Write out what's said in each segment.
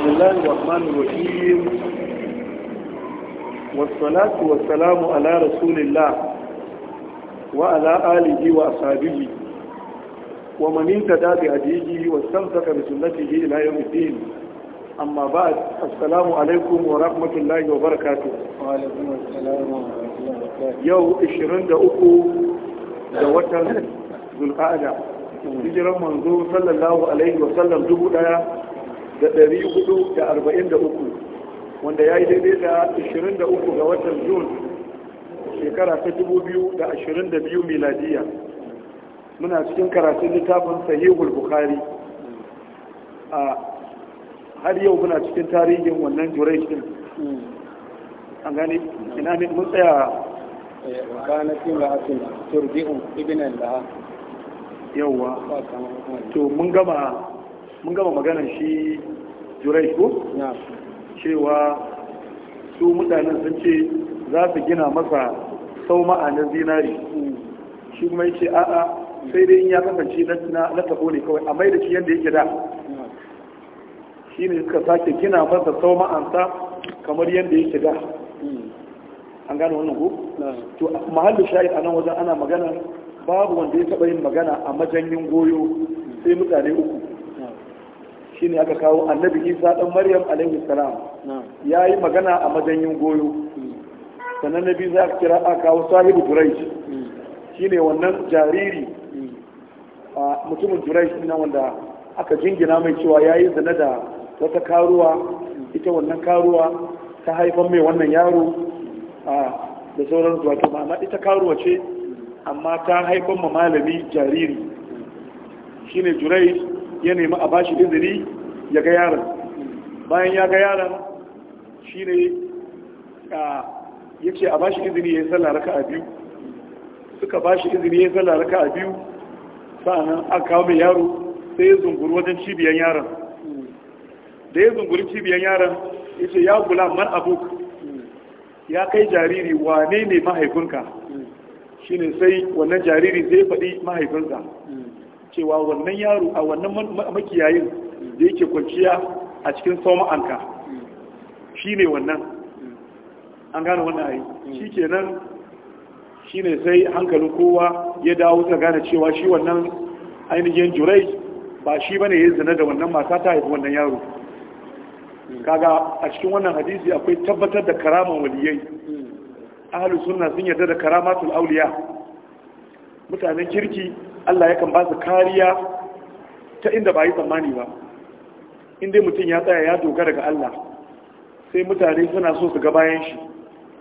بسم الله الرحمن الرحيم والصلاة والسلام على رسول الله وعلى آله وأصحابه ومن انتدى بهديه واستمسك بسنته إلى يوم الدين أما بعد السلام عليكم ورحمة الله وبركاته وعليكم السلام ورحمة الله وبركاته يوم 23 da watan zulqa'ada hijiran manzo sallallahu alaihi wa sallam dubu daya da ɗari hudu da arba'in da uku wanda ya yi daidai da ashirin da uku ga watan jun shekara ta dubu biyu da ashirin da biyu miladiya muna cikin karatun littafin sahihul bukhari a har yau muna cikin tarihin wannan duration an gani ina ne mun tsaya eh, kana cin ra'atin turbi'un ibnan laha yawa to mun gama mun gama magana shi jurai ko cewa su mutanen sun ce za su gina masa sau ma'anar zinari mm. shi kuma ya ce a'a sai dai in ya kasance na tabo ne kawai a mai da shi yadda yake da shi ne suka sake gina masa sau ma'ansa kamar yadda yake da mm. an gane wannan ko to mahallin shahid a nan wajen ana magana babu wanda ya taɓa yin magana a majanyin goyo sai mutane uku shine aka kawo annabi isa dan maryam alaihi salam ya yi magana a majanyin goyo sannan na biyu za a kira a kawo sahibu durai hmm. shine wannan jariri hmm. a mutumin durai na wanda aka jingina mai cewa ya yi zane da wata karuwa ita wannan karuwa ta haifan mai wannan yaro a da sauran wato ma'ana ita karuwa ce amma ta haifan ma malami jariri shine jurai ya nemi a bashi izini ya ga yaron bayan ya ga yaron shi ne ya ce a bashi izini ya yi sallah raka a biyu suka bashi izini ya yi sallah raka a biyu sa'anan an kawo mai yaro sai ya zunguri wajen cibiyar yaron da ya zunguri cibiyar yaron ya ce ya gula man abuk ya kai jariri wane ne mahaifinka Shi ne sai wannan jariri zai faɗi mahaifinsa cewa wannan yaro a wannan makiyayin da yake kwanciya a cikin soma anka shi ne wannan an gane wannan ayi mm. shi kenan shi ne sai hankalin kowa ya dawo ta gane cewa shi wannan ainihin jurai ba shi bane ya zina da wannan mata ta haifi wannan yaro mm. kaga a cikin wannan hadisi akwai tabbatar da karaman waliyai mm. ahalu sun yarda da karamatul auliya mutanen kirki Allah yakan ba su kariya ta inda ba yi tsammani ba inda mutum ya tsaya ya dogara ga Allah sai mutane suna so su ga bayan shi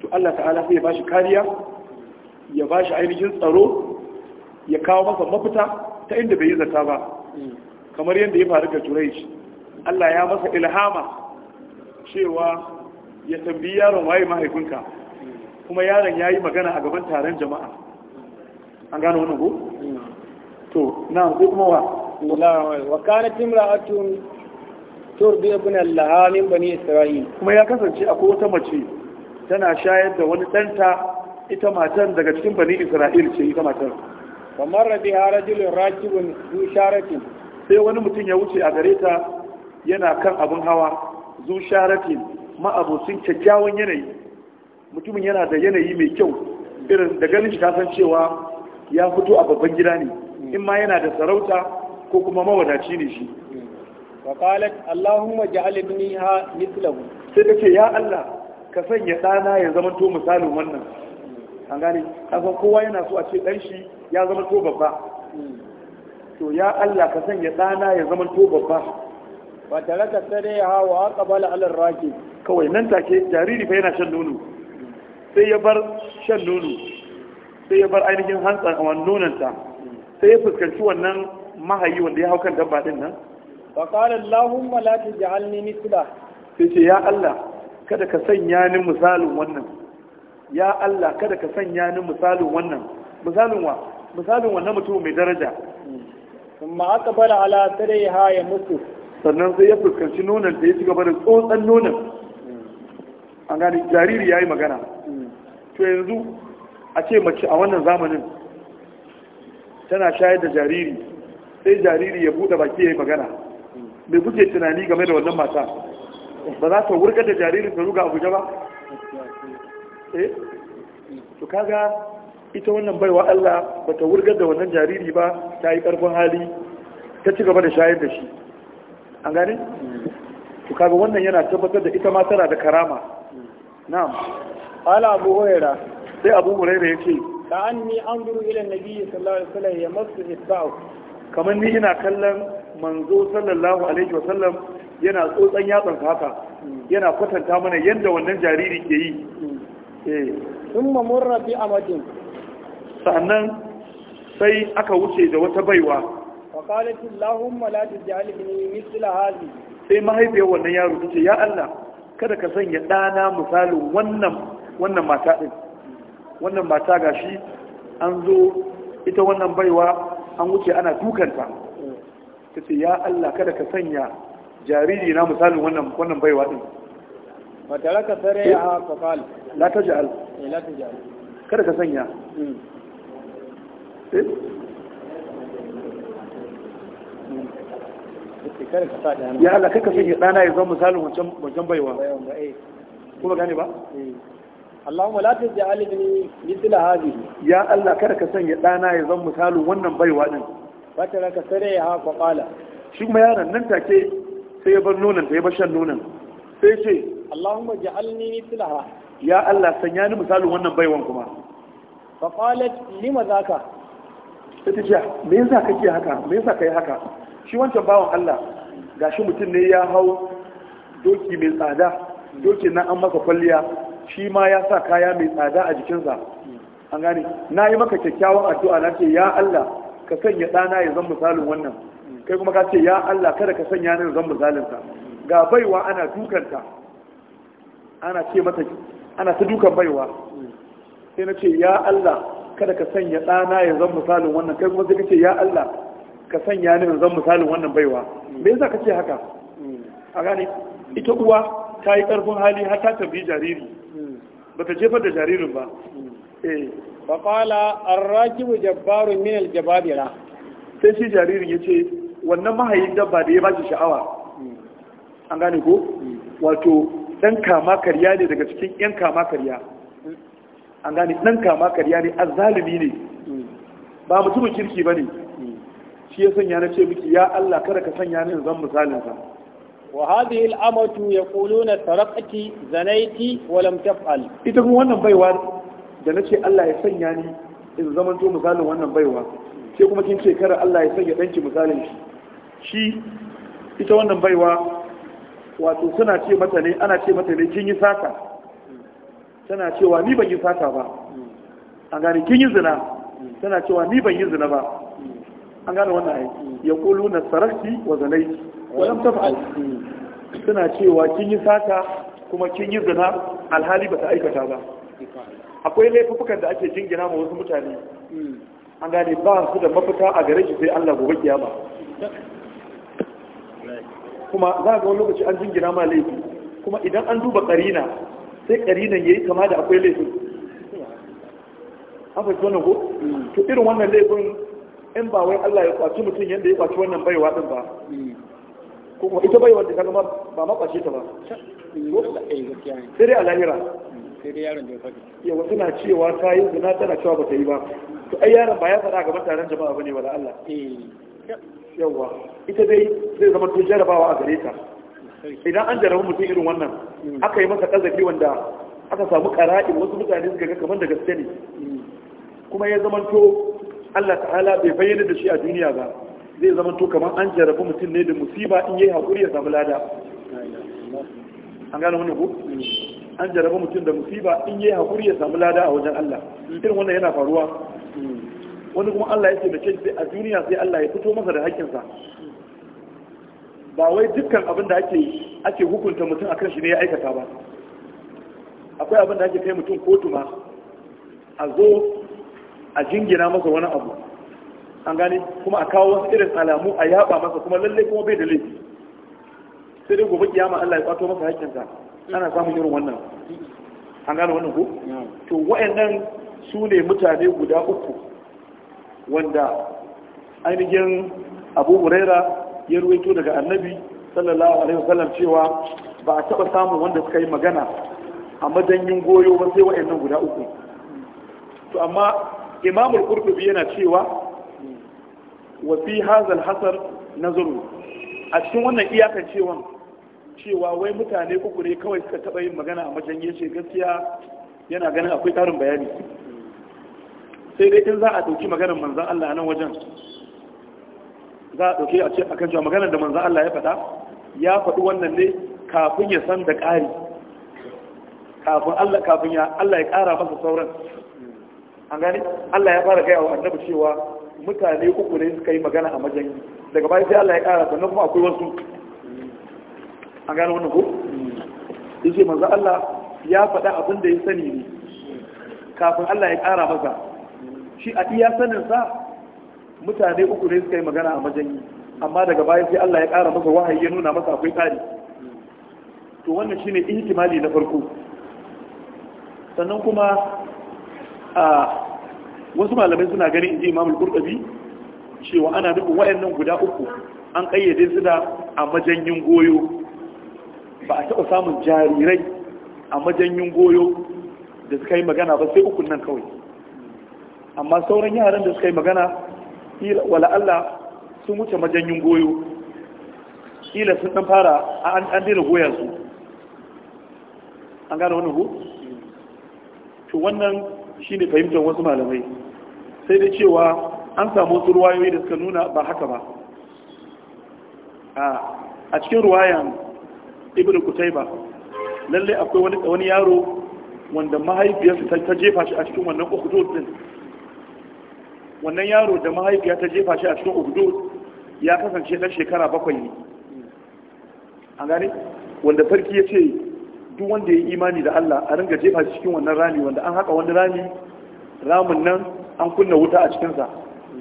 to Allah ta'ala sai ya ba shi kariya ya ba shi ainihin tsaro ya kawo masa mafita ta inda bai yi zata ba kamar yadda ya faru ga shi Allah ya masa ilhama cewa ya tambayi yaron waye mahaifinka kuma yaron ya yi magana a gaban taron jama'a an gano wani ko to na sai kuma wa wa kana timra'atun turbi ibn al min bani isra'il kuma ya kasance akwai wata mace tana shayar da wani danta ita matan daga cikin bani isra'il ce ita matan Kamar marra biha rajulun rakibun zu sharatin sai wani mutum ya wuce a gare ta yana kan abin hawa zu sharatin ma'abocin kyakkyawan yanayi mutumin yana da yanayi mai kyau irin da ganin shi ta san cewa ya fito a babban gida ne in ma yana da sarauta ko kuma mawadaci ne shi wa qalat allahumma ja'al ibniha mithlahu sai take ya Allah ka sanya dana ya zama to misalin wannan an gane kasan kowa yana so a ce dan shi ya zama to babba to ya Allah ka sanya dana ya zama to babba wa taraka sareha wa aqbala ala raki kawai nan take jariri fa yana shan nono sai ya bar shan nono sai ya bar ainihin hantsan a wannan nononta sai ya fuskanci wannan mahayi wanda ya hau kan dabba din nan wa qala allahumma la taj'alni mithla sai ce ya Allah kada ka sanya ni misalin wannan ya Allah kada ka sanya ni misalin wannan misalin wa misalin wannan mutum mai daraja amma aka bara ala ha ya mutu sannan sai ya fuskanci nonon da ya ci gaba da tsotsan nonon an gani jariri ya yi magana hmm. to yanzu a ce mace a wannan zamanin tana shayar da jariri sai jariri ya bude baki ya yi magana mai kuke tunani game da wannan mata ba za ta wurgar da jaririn ta ruga abuja ba eh to kaga ita wannan baiwa Allah ba ta wurgar da wannan jariri ba ta yi karfin hali ta ci gaba da shayar da shi an gane to kaga wannan yana tabbatar da ita ma tana da karama na'am ala abu huraira sai abu huraira yace ka anni anzuru ila nabi sallallahu alaihi wasallam ya masu isba'u kamar ni ina kallon manzo sallallahu alaihi wasallam yana tsotsan yatsan haka yana kwatanta mana yadda wannan jariri ke yi eh thumma murra bi amadin sannan sai aka wuce da wata baiwa fa qalat allahumma la taj'alni mithla hadhi sai mahaifiyar wannan yaro tace ya Allah kada ka sanya ɗana misalin wannan wannan mata din wannan mata gashi an zo ita wannan baiwa an wuce ana dukanta ta ce ya Allah kada ka sanya jariri na misalin wannan wannan baiwa din ba tare ka sare ya eh? ha kafal la taj'al eh, la taj'al kada ka sanya hmm. eh? ya Allah ka sanya dana ya zama misalin wancan baiwa kuma gane ba Allahumma la taj'al ibni mithla hadhihi ya Allah kada ka sanya ɗana ya zama misalin wannan baiwa din fatara ka sare ya hafa qala shi kuma yaron nan take sai ya bar nonon ta ya bar shan nonon sai ce Allahumma ja'alni mithlaha ya Allah sanya ni misalin wannan ma. kuma ni qalat lima zaka sai ta ce me yasa ke haka me yasa yi haka shi wancan bawan Allah Ga shi mutum ne ya hau doki mai tsada doki na an masa kwalliya shi ma ya sa kaya mai tsada a jikinsa an gane na yi maka kyakkyawan addu'a na ce ya Allah ka sanya ɗana ya zan misalin wannan kai kuma ka ce ya Allah kada ka sanya ni zan misalin sa ga baiwa ana dukanta ana ce mata ana ta dukan baiwa sai na ce ya Allah kada ka sanya ɗana ya zan misalin wannan kai kuma sai ka ce ya Allah ka sanya ni zan misalin wannan baiwa me yasa ka ce haka a gane ita uwa ta yi ƙarfin hali har ta tambayi jariri bata jefar da jaririn ba eh fa qala ar-rakibu jabbarun min jababira sai shi jaririn ya ce, wannan mahayin dabba da ya ba shi sha'awa hmm. an gane ko hmm. wato dan kama karya ne daga cikin yan kama karya hmm. an gane dan kama karya ne zalimi ne ba mutumin kirki ba ne. shi ya sanya na ce miki ya Allah kada ka sanya ni zan misalinsa. وهذه الأمة يقولون سرقت زنيت ولم تفعل ita kuma wannan baiwa da nace Allah ya sanya ni in zaman to misalin wannan baiwa sai kuma kin ce kar Allah ya sanya danki misalin shi shi ita wannan baiwa wato suna ce mata ne ana ce mata ne kin yi saka, tana cewa ni ban yi saka ba an gane kin yi zina tana cewa ni ban yi zina ba an gane wannan aiki ya kulu na sarakti wa zanaiti walam taf'al suna cewa kin yi sata kuma kin yi zina alhali ba ta aikata ba akwai laifukan da ake jingina ma wasu mutane an gane ba su da mafita a gare shi sai Allah gobe kiyama kuma za a ga wani lokaci an jingina ma laifi kuma idan an duba karina sai ya yi kama da akwai laifin. an fahimci wannan ko to irin wannan laifin in ba wai Allah ya kwaci mutum yadda ya kwaci wannan baiwa din ba kuma ita bai wanda kaga ba ma kwace ta ba sai dai a lahira sai ya faɗi yawa suna cewa ta yi zina tana cewa ba ta yi ba to ai yaron ba ya faɗa gaban taron jama'a ba bane wala Allah Yawwa ita dai zai zama to jarabawa a gare ta idan an jarabu mutum irin wannan aka yi masa kazafi wanda aka samu ƙara'in wasu mutane suka ga kamar da gaske ne kuma ya zama to Allah ta'ala bai bayyana da shi a duniya ba zai zama to kamar an jarrabu mutum ne da musiba in yi haƙuri ya samu lada an gane wannan ko an jarrabu mutum da musiba in yi haƙuri ya samu lada a wajen Allah irin wannan yana faruwa wani kuma Allah yake da ce a duniya sai Allah ya fito masa da haƙƙinsa ba wai dukkan abin da ake ake hukunta mutum a kan shi ne ya aikata ba akwai abin da ake kai mutum kotu ma a zo a jingina masa wani abu an gani kuma a kawo wasu irin alamu a yaba masa kuma lalle kuma bai da laifi sai dai gobe kiyama Allah ya kwato masa hakkinsa ana samun irin wannan an gane wannan ko to wayannan su ne mutane guda uku wanda ainihin Abu Huraira ya ruwaito daga Annabi sallallahu alaihi wasallam cewa ba a taba samun wanda suka yi magana a madanyin goyo ba sai wayannan guda uku to amma Imam al-Qurtubi yana cewa wa fi hazal hasar nazaru a cikin wannan iyakan cewa cewa wai mutane uku ne kawai suka taɓa yin magana a majan ce gaskiya yana ganin akwai tarin bayani sai dai in za a dauki maganar manzan Allah nan wajen za a ɗauki a ce a kan maganar da manzan Allah ya faɗa ya faɗi wannan ne kafin ya san da ƙari kafin Allah kafin ya Allah ya ƙara masa sauran an gani Allah ya fara gaya wa annabi cewa mutane uku ne suka yi magana a majanyi daga bayan sai Allah ya ƙara sannan kuma akwai wasu an gano wannan ko ya ce manzo Allah ya faɗa abin da ya sani ne kafin Allah ya ƙara masa shi a iya saninsa mutane uku ne suka yi magana a majanyi amma daga baya sai Allah ya ƙara masa wahayi ya nuna masa akwai tsari to wannan shine ihtimali na farko sannan kuma a wasu malamai suna ganin inji imamul qurtubi cewa ana nufin wayannan guda uku an kayyade su da a majanyin goyo ba a taɓa samun jarirai a majanyin goyo da suka yi magana ba sai ukun nan kawai amma sauran yaran da suka yi magana wala Allah sun wuce majanyin goyo ila sun dan fara an daina goya su an gane wannan hu to wannan Shi ne fahimtar wasu malamai sai da cewa an samu wasu ruwayoyi da suka nuna ba haka ba a cikin ruwayan ibn kutaiba lalle akwai wani wani yaro wanda mahaifiyarsa ta jefa shi a cikin wannan ukhdud din wannan yaro da mahaifiya ta jefa shi a cikin ukhdud ya kasance na shekara bakwai ne an gane wanda sarki ya ce duk wanda ya yi imani da Allah a ringa jefa cikin wannan rami wanda an haka wani rami ramin nan an kunna wuta a cikinsa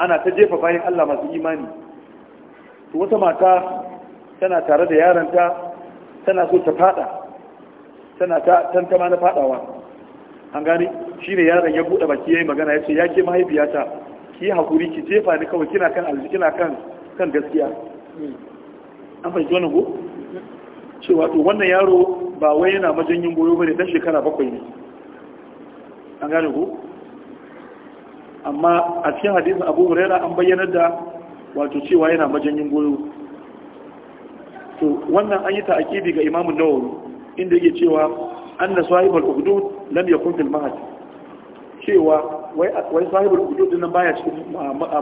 ana ta jefa bayan Allah masu imani to wata mata tana tare da yaranta tana so ta fada tana ta tantama na fadawa an gani, shi ne yaron ya buɗe baki ya yi magana ya ce ya ke mahaifiyata ki yi haƙuri ki jefa ni kawai kina kan alji kina kan kan gaskiya hmm. an fahimci wannan go? cewa to wannan yaro ba wai yana majanyin goyo bane dan shekara bakwai ne an gane ku amma a cikin hadisin abu huraira an bayyanar da wato cewa yana majanyin goyo to wannan an yi ta'akidi ga imamun nawawi inda yake cewa anna sahibul hudud lam yakun fil mahad cewa wai wai sahibul hudud din nan baya cikin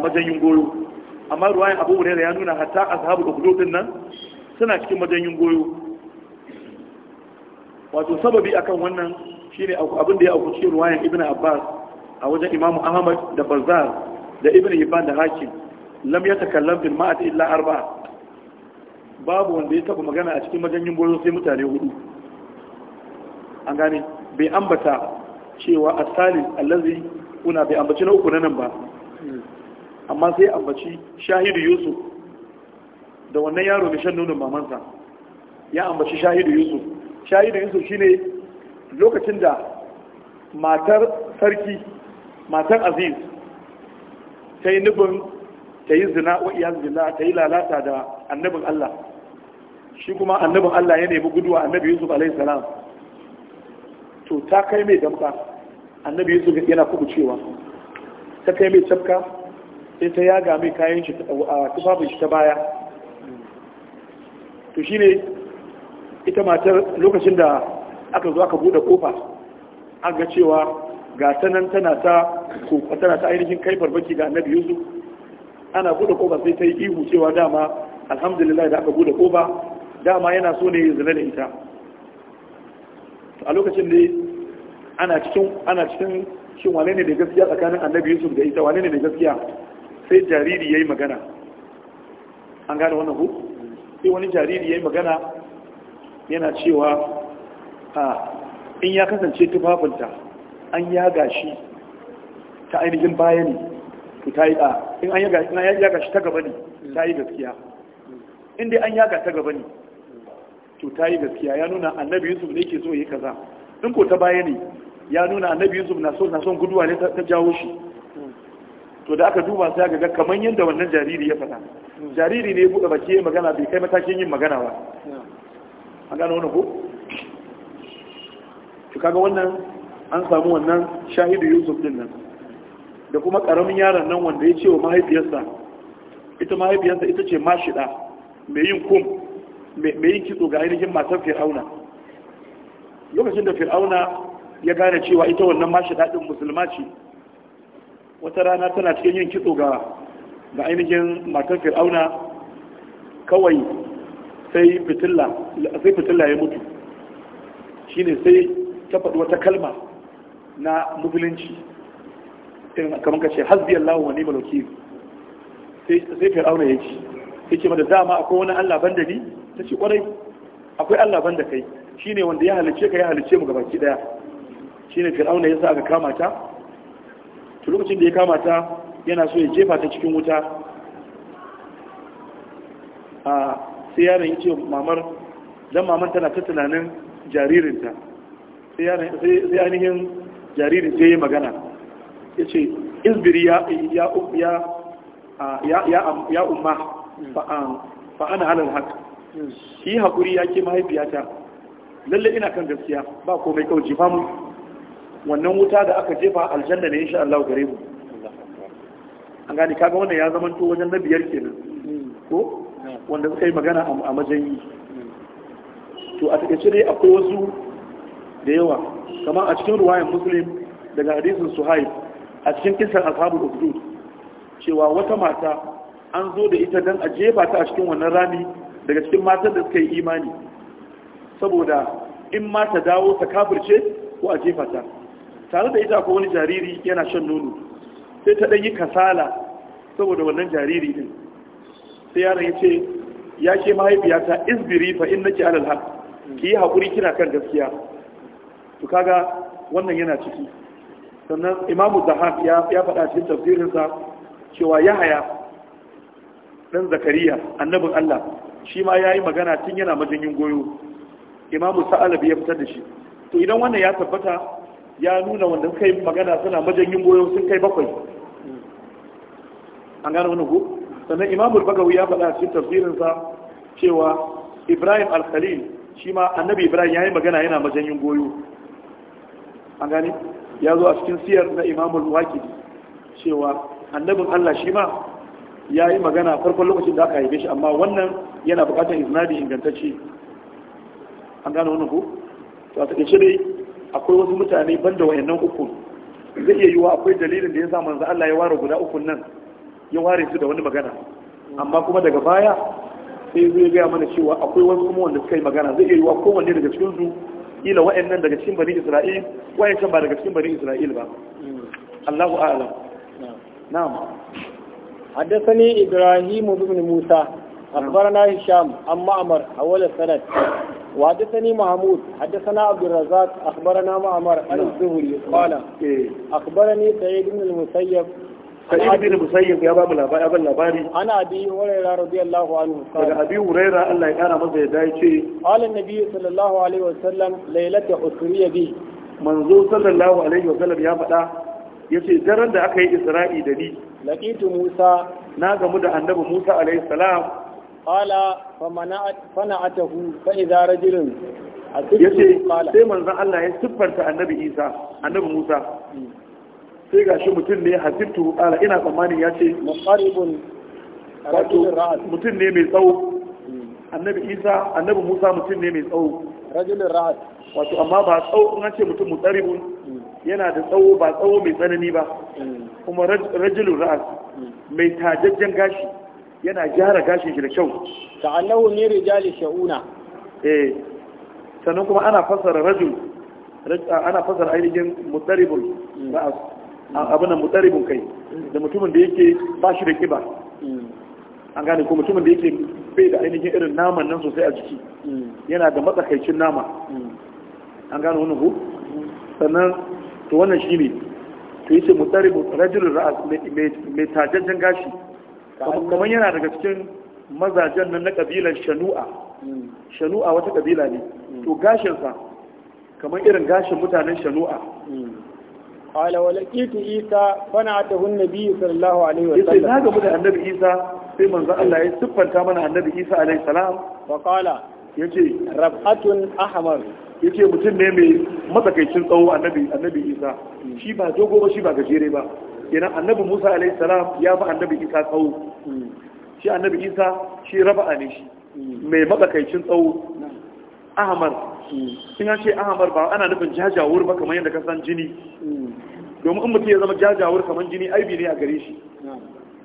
majanyin goyo amma ruwayan abu huraira ya nuna hatta ashabul hudud din nan suna cikin majanyin goyo wato sababi akan wannan shine abin da ya auku cikin ruwayan ibn abbas a wajen imamu ahmad da Bazzar da ibn hibban da hakim lam yatakallam bil ma'at illa arba babu wanda ya taba magana a cikin majanyin goyo sai mutane hudu an gane bai ambata cewa asali allazi kuna bai ambaci na uku nan ba amma sai ambaci shahidu yusuf da wannan yaro mai shan nonon mamansa ya ambaci shahidu yusuf shayi da yusuf shine lokacin da matar sarki matar aziz ta yi nufin ta yi zina wa iya zina ta yi lalata da annabin allah shi kuma annabin allah ya nemi guduwa annabi yusuf alaihi salam to ta kai mai damka annabi yusuf yana kuku cewa ta kai mai tafka sai ta yaga mai kayan shi a tufafin shi ta baya to shine ita matar lokacin da aka zo aka bude kofa an ga cewa ga tanan tana ta ko tana ta ainihin kai barbaki ga annabi yusuf ana bude kofa sai ta yi ihu cewa dama alhamdulillah da aka bude kofa dama yana so ne ya zina da ita a lokacin da ana cikin ana cikin shin wane ne da gaskiya tsakanin annabi yusuf da ita wane ne da gaskiya sai jariri ya yi magana an gane wannan ku sai wani jariri ya yi magana yana cewa a in ya kasance tufafinta an yaga shi ta ainihin baya ne ta yi a in an yaga shi ta gaba ne ta yi gaskiya in dai an yaga ta gaba ne to ta yi gaskiya ya nuna annabi yusuf ne ke zoye kaza in ko ta baya ne ya nuna annabi yusuf na son guduwa ne ta jawo shi to da aka duba sai ga kamar yadda wannan jariri ya faɗa jariri ne ya buɗe baki magana bai kai matakin yin magana ba an gano wannan ko kaga wannan an samu wannan shahidu yusuf din nan da kuma karamin yaron nan wanda ya ce wa mahaifiyarsa ita mahaifiyarsa ita ce mashida mai yin kum mai yin kitso ga ainihin matan fir'auna lokacin da fir'auna ya gane cewa ita wannan mashida din musulma ce wata rana tana cikin yin kitso ga ga ainihin matan fir'auna kawai sai fitilla sai fitilla ya mutu shine sai ta faɗi wata kalma na musulunci irin kamar kace hasbi Allah wa ni'mal wakeel sai sai fir'auna ya ce yace mata dama akwai wani Allah banda ni tace kwarai akwai Allah banda kai shine wanda ya halice ka ya halice mu gabaki daya shine fir'auna yasa aka kama ta to lokacin da ya kama ta yana so ya jefa ta cikin wuta a ah, sai yaron yake ce mamar dan mamar tana ta tunanin jaririnta sai ainihin jaririn sai ya magana ya ce ya ya umma an fa ana ki yi shi ya ke mahaifiyata lalle ina kan gaskiya ba komai kawai jefa mu wannan wuta da aka jefa aljanna ne insha Allah gare mu an gani kaga wannan ya zama to wajen na biyar kenan hmm. ko wanda suka yi magana a majanyi to a takaice dai akwai wasu da yawa kamar a cikin ruwayan muslim daga hadisin suhaib a cikin kisan ashabul ukhdud cewa wata mata an zo da ita dan a jefa ta a cikin wannan rami daga cikin matan da suka yi imani saboda in ma ta dawo ta kafirce ko a jefa ta tare da ita ko wani jariri yana shan nono sai ta ɗan yi kasala saboda wannan jariri din sai yaron ya ce ya ke mahaifiyata izbiri fa in nake alal haq ki yi hakuri kina kan gaskiya to kaga wannan yana ciki sannan imamu zahab ya ya faɗa cikin tafsirinsa cewa yahaya dan zakariya annabin Allah shi ma yayi magana tun yana majinyin goyo imamu sa'alabi ya fitar da shi to idan wannan ya tabbata ya nuna wanda kai magana suna majanyin goyo sun kai bakwai an gane wani ko sannan imamul bagawi ya faɗa cikin tafsirinsa cewa ibrahim al-khalil shi ma annabi ibrahim ya yi magana yana majanyin goyo an gani ya zo a cikin siyar na imamul waki cewa annabin allah shi ma ya yi magana farkon lokacin da aka haife shi amma wannan yana buƙatar iznadi ingantacce an gane wani ku, to a shi dai akwai wasu mutane banda wayannan uku zai iya yiwuwa akwai dalilin da ya sa manzo Allah ya ware guda ukun nan ya ware su da wani magana amma kuma daga baya sai zai gaya mana cewa akwai wasu kuma wanda suka yi magana zai iya yiwa kowanne daga cikin su ila wa'annan daga cikin bani isra'il wa'ancan ba daga cikin bani isra'il ba Allahu a'lam na'am حدثني إبراهيم بن موسى أخبرنا هشام عن معمر حول السند وحدثني محمود حدثنا عبد الرزاق أخبرنا معمر عن الزهري قال أخبرني سعيد بن المسيب سعيد بن مسيب يا باب الأباء أبا الأباري أنا أبي هريرة رضي الله عنه قال أبي هريرة الله يقرأ مزه دايتي قال النبي صلى الله عليه وسلم ليلة أسرية بي منظور صلى الله عليه وسلم يا فتاة yace daren da aka yi isra'i da ni laqitu musa na gamu da annabi musa alayhi salam qala fa mana'at fana'atahu fa idza rajulun yace sai manzon Allah ya siffarta annabi isa annabi musa hmm. sai ga shi mutum ne hasibtu ala ina tsammanin ya ce wato mutum ne mai tsawo annabi isa annabi musa mutum ne mai tsawo rajulun ra'ad wato amma ba tsawo in an ce mutum muqaribun hmm. yana da tsawo ba tsawo mai tsanani ba hmm. kuma rajulun ra'ad hmm. mai tajajjen gashi yana gyara gashin shi da kyau ta annahu ne rijali sha'una eh sannan kuma ana fassara rajul ana fassara ainihin mutaribul ra'as abin nan mutsaribin kai da mutumin da yake ba shi da kiba an gane ko mutumin da yake bai da ainihin irin naman nan sosai a jiki yana da matsakaicin nama an gane wani ku sannan to wannan shi ne to yace mutsaribin rajulun ra'as mai tajajen gashi kamar yana daga cikin mazajen nan na kabilar shanu'a shanu'a wata kabila ne to gashinsa kamar irin gashin mutanen shanu'a Ala wa laqitu isa fa ta an-nabi sallallahu alaihi wa sallam sai ga da annabi isa sai manzo Allah ya siffanta mana annabi isa alaihi salam wa qala yace rafatun ahmar yace mutum ne mai matsakaicin tsawo annabi annabi isa shi ba dogo ba shi ba gajere ba kenan annabi Musa alaihi salam ya fi annabi Isa tsawo hmm. shi annabi Isa shi raba'a ne shi hmm. mai matsakaicin tsawo Ahamar. in an ce ahamar ba ana nufin jajawur ba kamar yadda ka san jini domin in mutum ya zama jajawur kamar jini aibi ne a gare shi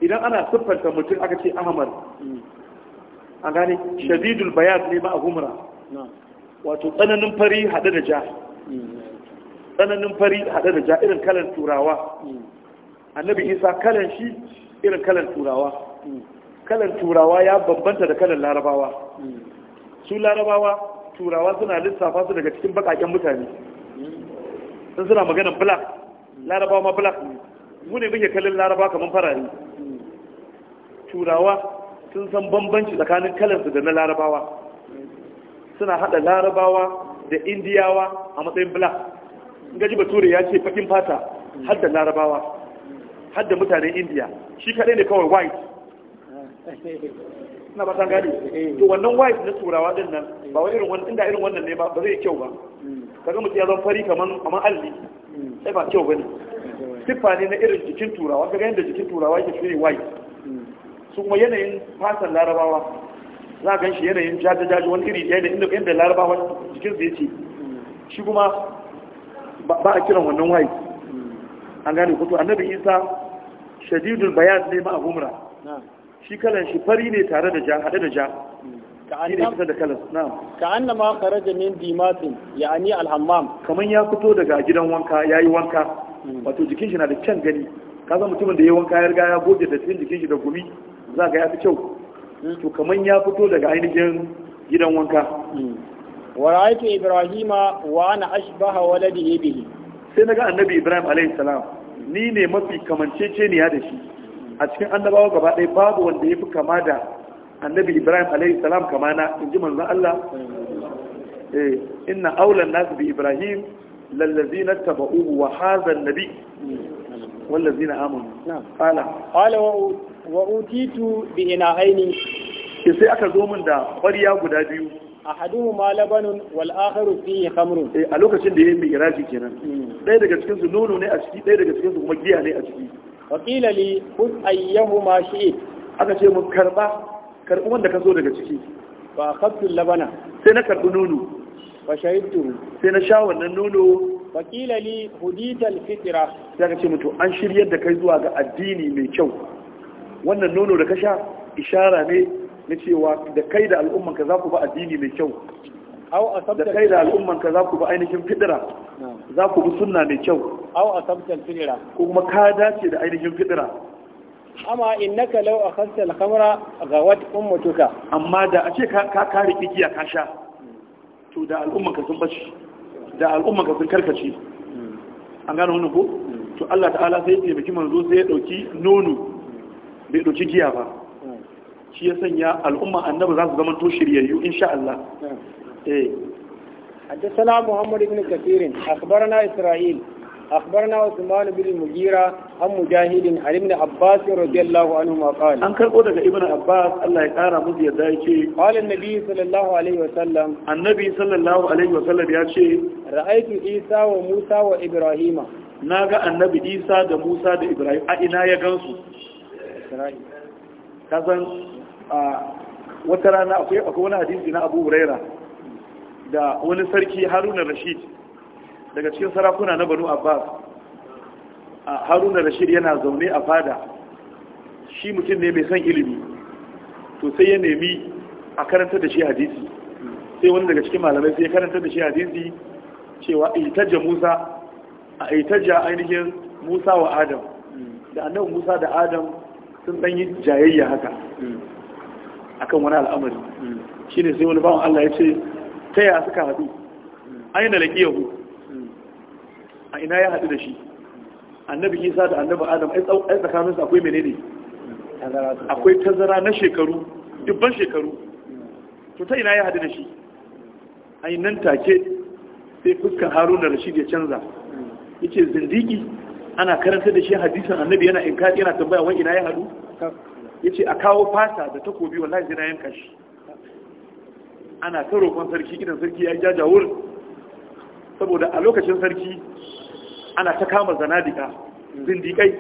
idan ana siffanta mutum aka ce ahamar. a gane shadidul bayan ne ba a humra wato tsananin fari hade da ja tsananin fari hade da ja irin kalan turawa annabi isa kalan shi irin kalan turawa kalan turawa ya bambanta da kalan larabawa su larabawa turawa suna lissafa su daga cikin bakaken mutane sun suna maganin black laraba ma black ne mu ne muke kallon laraba kamar farari turawa sun san bambanci tsakanin kalansu da na larabawa suna hada larabawa da indiyawa a matsayin black gaji bature ya ce fakin fata har larabawa har da mutanen indiya shi kaɗai ne kawai white na ba ta gani eh. to wannan wife na turawa din nan ba wani irin wannan inda irin wannan ne ba ba zai kyau ba hmm. kaga mutum ya zama fari kaman kaman alli sai hmm. ba kyau bane hmm. siffa ne na irin jikin turawa kaga yanda jikin turawa yake shine wife su kuma yanayin fasan larabawa za gan shi yanayin jajajaji wani iri ɗaya da inda yanda larabawa jikin zai ce shi kuma ba a kiran wannan white an gane ko to annabi isa shadidul bayan ne ma a humra shi kalan shi fari ne tare da ja haɗe da ja shi ne kusa da kalan na'am ka annama kharaja min dimatin ya'ani alhammam kaman ya fito daga gidan wanka yayi wanka hmm. wato jikin shi na da kyan gani ka san mutumin da yayi wanka ya riga ya goge da cikin jikin shi da gumi za ga ya fi kyau hmm. to kaman ya fito daga ainihin gidan wanka hmm. wa ra'aytu ibrahima wa ana ashbaha waladihi bihi sai naga annabi ibrahim alayhi salam ni ne mafi kamanceceniya da shi a cikin annabawa gaba ɗaya babu wanda ya fi kama da annabi ibrahim alaihi salam kama na in ji manzan allah eh, inna aulan nasu bi ibrahim lallazi na taba'uhu wa hazan nabi wallazi na amonu ƙala ƙala wa utitu bi ina aini eh, sai aka zo min da ƙwariya guda biyu ahaduhuma labanun wal akharu fihi khamrun eh a lokacin da ya yayin mi'raji kenan hmm. ɗaya daga cikinsu nono ne a ciki ɗaya daga cikinsu kuma giya ne a ciki waƙila li kus ayyahu ma shi'i aka ce mu karba karbi wanda ka zo daga ciki ba kafin labana sai na karbi nono ba shahidtu sai na sha wannan nono waƙila li hudital fitira sai aka ce mutu an shiryar da kai zuwa ga addini mai kyau wannan nono da ka sha ishara ne na cewa da kai da al'ummanka za ku ba addini mai kyau da kai da al'ummanka za ku ba ainihin fitira za ku bi sunna mai kyau aw asabta al-fitra ko kuma ka dace da ainihin fitra amma innaka law akhadta al-khamra ghawat ummatuka amma da a ce ka kare giya ka sha to da al'umma ka sun bace da al'umma ka sun karkace an gano wannan ko to Allah ta'ala sai ya taimaki manzo sai ya dauki nono bai dauki giya ba shi ya sanya al'umma annabi za su zama to shiryayyu insha Allah hmm. eh حدثنا محمد بن كثير أخبرنا إسرائيل أخبرنا عثمان بن المغيرة عن مجاهد عن ابن عباس رضي الله عنهما قال أنك قد قولك ابن عباس الله يقارى مضي يدايشي قال النبي صلى الله عليه وسلم النبي صلى الله عليه وسلم يأتي رأيت إيسا وموسى وإبراهيم ناقا النبي إيسا دا موسى دا إبراهيم أئنا يقنسوا كذا وترانا أقول أقول حديثنا أبو هريرة da wani sarki haruna rashid daga cikin sarakuna na banu abbas haruna rashid yana zaune a fada shi mutum ne mai son ilimi to sai ya nemi a karanta da shi hadisi sai wani daga cikin malamai sai ya karanta da shi hadisi cewa itajja musa a itajja ainihin musa wa adam da annabi musa da adam sun dan yi jayayya haka hmm. akan wani al'amari hmm. shine sai wani bawan allah ya ce ta yaya suka haɗu aina laqiyahu a ina ya haɗu da shi annabi Isa da annabi Adam ai tsakanin su akwai menene akwai tazara na shekaru dubban shekaru to ta ina ya haɗu da shi ai nan take sai fuskar Haruna Rashid ya canza yace zindiki ana karanta da shi hadisin annabi yana inkari yana tambaya wani ina ya haɗu yace a kawo fata da takobi wallahi zina yanka shi ana ta roƙon sarki idan sarki ya jaja wurin saboda a lokacin sarki ana ta kama zanadika zindikai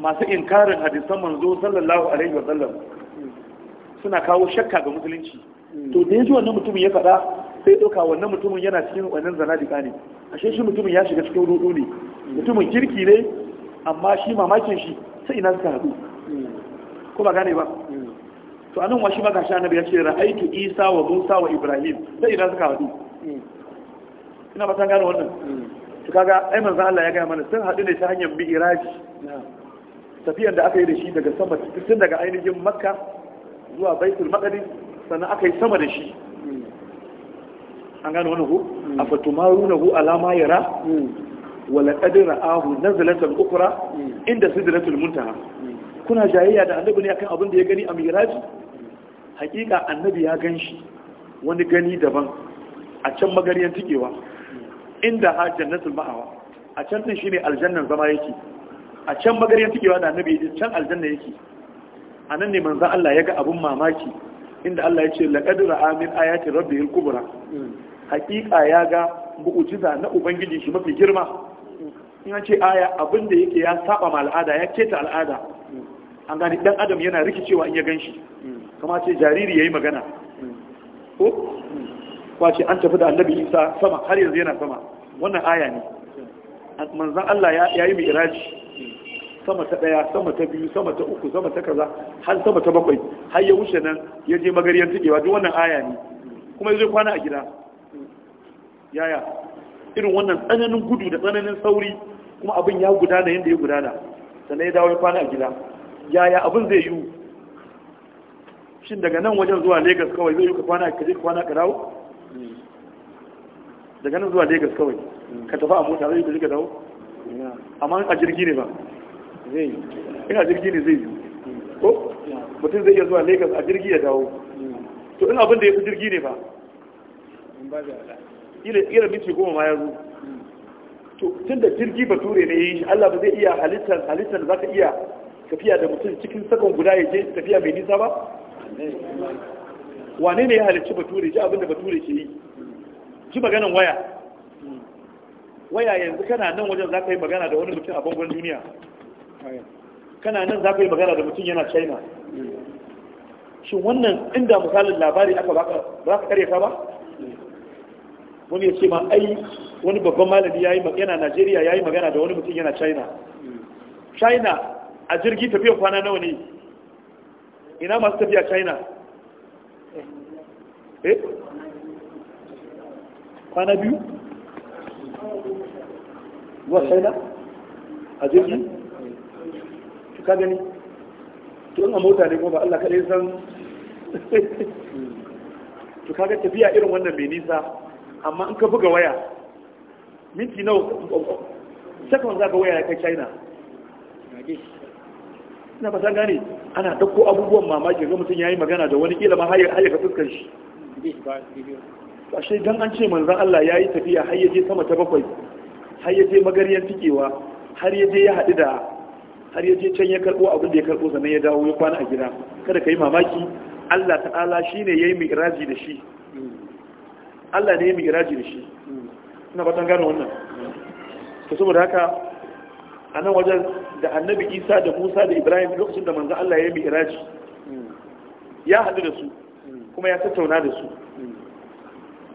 masu inkarin hadisan manzo sallallahu alaihi wa sallam suna kawo shakka ga musulunci to da yaji wannan mutumin ya fada sai doka wannan mutumin yana cikin wannan zanadika ne ashe shi mutumin ya shiga cikin rudu ne mutumin kirki ne amma shi mamakin shi sai ina suka haɗu ko ba gane ba to anan washi maka sha annabi ya ce ra'aitu isa wa musa wa ibrahim sai idan suka haɗu hmm. ina ba san gano wannan hmm. to kaga ai manzo Allah ya gaya mana sun haɗu ne ta hanyar bi'iraji tafiyan da aka yi da shi daga sama tun daga ainihin makka zuwa baitul maqdis sannan aka yi sama da shi an gano wannan ko hmm. hu alama yara wala qadira ahu nazlatan ukra inda sidratul muntaha kuna jayayya da annabi ne akan abin da ya gani a miraji hakika annabi ya gan shi wani gani daban a can magariyar tikewa inda ha jannatul ma'awa a can din shine aljannan zama yake a can magariyar tikewa da annabi yake can aljanna yake anan ne manzo Allah ya ga abun mamaki inda Allah ya ce laqad ra'a min ayati al kubra hakika ya ga mu'jiza na ubangiji shi mafi girma in ya ce aya abin da yake ya saba mal'ada al'ada ya keta al'ada an gani dan adam yana rikicewa in ya gan shi kama ce jariri ya yi magana ko kwace ce an tafi da annabi isa sama har yanzu yana sama wannan aya ne manzan Allah ya yi mai iraji sama ta ɗaya sama ta biyu sama ta uku sama ta kaza har sama ta bakwai har ya wuce nan ya je magariyar tukewa duk wannan aya ne kuma ya zai kwana a gida yaya irin wannan tsananin gudu da tsananin sauri kuma abin ya gudana yadda ya gudana sannan ya dawo ya kwana a gida yaya abin zai yiwu shin daga nan wajen zuwa Legas kawai zai yi ka kwana ka ka kwana ka dawo daga nan zuwa Legas kawai ka tafi a mota zai yi ka dawo amma a jirgi ne ba zai yi ina jirgi ne zai yi ko mutum zai iya zuwa Legas a jirgi ya dawo to ina abin da ya fi jirgi ne ba ila minti goma ma ya zo to tun da jirgi bature ne yi Allah ba zai iya halittar halittar za ka iya tafiya da mutum cikin sakon guda ya je tafiya mai nisa ba wane ne ya halicci bature ji abinda bature ke yi ji maganin waya waya yanzu kana nan wajen za ka yi magana da wani mutum a bangon duniya kana nan za ka yi magana da mutum yana china shin wannan inda misalin labari aka ba ka karya ba wani ya ce ma ai wani babban malami yana yana Najeriya yi magana da wani mutum yana China China a jirgi tafiya kwana nawa ne ina masu tafiya china eh kwana biyu zuwa china a jirgi ka gani tun a mota ne kuma ba allah kaɗai san to ga tafiya irin wannan mai nisa amma in ka buga waya minti nawa sakon za ka waya ya kai china ina ba gane ana dauko abubuwan mamaki ga mutum yayi magana da wani kila ma har ya ka fuskar shi shi dan an ce manzon Allah yayi tafiya har ya je sama ta bakwai har ya je magariyar tikewa har ya je ya haɗu da har ya je can ya karɓo abin da ya karɓo sannan ya dawo ya kwana a gida kada ka yi mamaki Allah ta'ala shi ne ya yi mi'iraji da shi Allah ne ya yi mi'iraji da shi ina ba gane wannan to saboda haka a nan wajen da annabi isa da musa da ibrahim lokacin da manzan allah ya yi mi'iraji ya haɗu da su kuma ya tattauna da su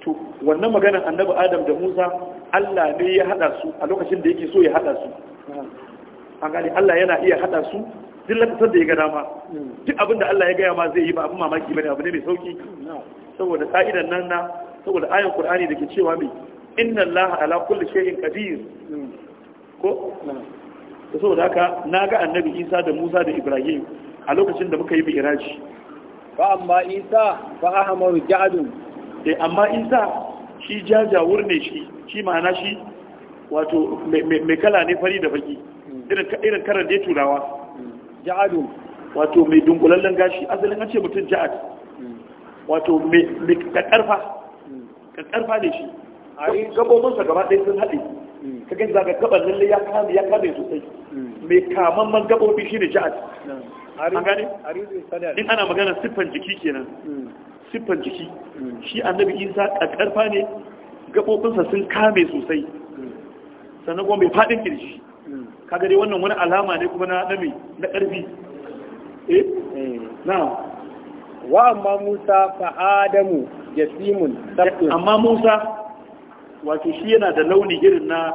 to wannan maganar annabi adam da musa allah ne ya haɗa su a lokacin da yake so ya haɗa su a gani allah yana iya haɗa su duk lakasar da ya ga dama duk abin da allah ya gaya ma zai yi ba abin mamaki ba ne abu ne mai sauki saboda ka'idan nan na saboda ayan qur'ani da ke cewa mai inna allaha ala kulli shay'in qadir ko da da haka na ga annabi isa da musa da ibrahim a lokacin da muka yi mi'raji Ba amma isa fa ahmaru ja'dun eh amma isa shi jajawur ne shi shi ma'ana shi wato mai kala ne fari da baki hmm. irin karar da turawa hmm. ja'adun wato mai dunkulallen gashi asalin an ce mutum ja'ad hmm. wato mai kakkarfa kakkarfa ne shi gabobinsa gaba ɗaya sun haɗe ka gani zaga gaban lalle ya kame ya kame sosai mai kamamman gabobi shine ja'ad an gane in ana magana siffan jiki kenan siffan jiki shi annabi isa kakkarfa ne gabobinsa sun kame sosai sannan kuma mai faɗin kirji ka dai wannan wani alama ne kuma na dame na ƙarfi. eh, eh. na wa amma musa fa adamu jasimun amma musa wato shi yana da launi irin na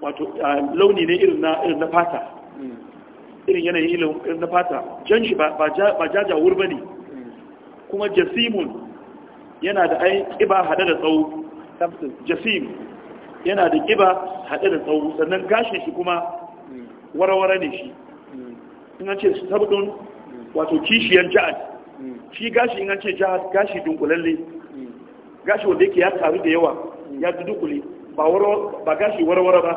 wato launi ne irin na irin na fata irin yanayin irin na fata jan shi ba jajawar ba ne kuma jasimun yana da ai kiba hada da tsawo jasim yana da kiba hada da tsawo sannan gashin shi kuma warware ne shi in an ce sabdun wato kishiyar jihar shi gashi in an ce jihar gashi dunkulalle gashi wanda yake ya taru da yawa ya ji ba gashi warware ba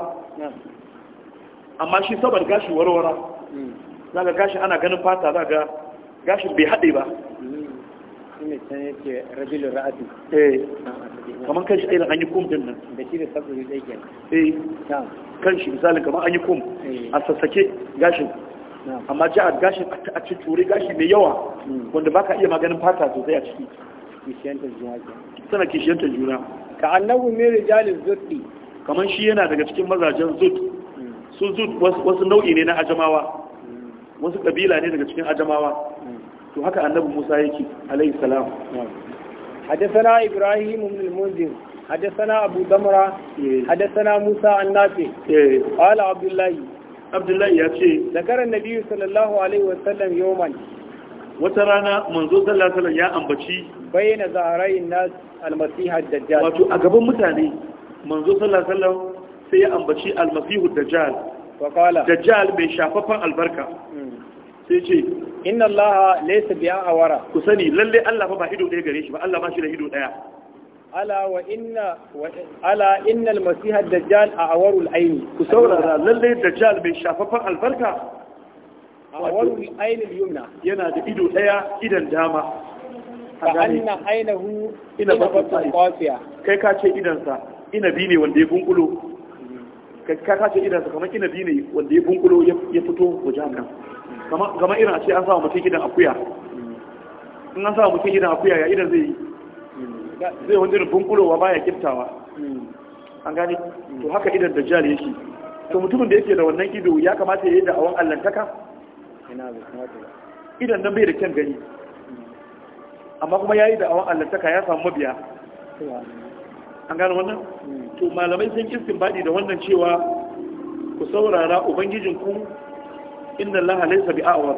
amma shi saboda gashi warware hmm. za ga gashi ana ganin fata za ga gashi bai haɗe ba hmm. ne can yake rajulun ra'adi eh ah, kaman kan shi an yi kum din nan da shi da sabbi dai ke eh kan shi misalin kaman an yi kum eh. a sassake gashin amma ji a gashin a ci ture gashi mai yawa hmm. wanda baka iya maganin fata sosai a ciki kishiyantar juna sana kishiyanta juna ka annabu mai rijalin zuddi kamar shi yana daga cikin mazajen zud su zud wasu nau'i ne na ajamawa wasu kabila ne daga cikin ajamawa to haka annabu musa yake alaihi salam hadathana ibrahim ibn al-munzir hadathana abu damra eh. hadathana musa an-nafi eh. qala abdullah abdullah ya ce zakara nabi sallallahu alaihi wasallam wata rana manzo sallallahu alaihi ya ambaci bayyana zaharai nasi almasiha dajjal wato a gaban mutane manzo sallallahu alaihi sai ya ambaci almasihu dajjal wa dajjal mai shafaffan albarka hmm. sai ce inna allaha laysa bi awara ku sani lalle Allah fa ba ido ɗaya gare shi ba Allah ba shi da ido ɗaya ala wa inna ala inna almasiha dajjal a awarul aini ku saurara lalle dajjal mai shafaffan albarka a awarul aini yumna yana da ido ɗaya idan dama ka anna ainahu ina batun qasiya kai ka ce idan sa ina bi ne wanda ya bunkulo kai ka ce idan sa kamar ina bi ne wanda ya bunkulo ya fito waje haka kamar kamar irin a ce an samu mutum idan akuya in an samu mutum idan akuya ya idan zai yi zai wani irin bunkulowa baya kiftawa hmm. an gane to haka idan da dajjal yake to mutumin da yake da wannan ido ya kamata ya yi da awon allantaka idan nan bai da kyan gani amma kuma ya yi da awon allataka ya samu mabiya an gano wannan to malamai sun baɗi da wannan cewa ku saurara ubangijinku allah halitta bi awa,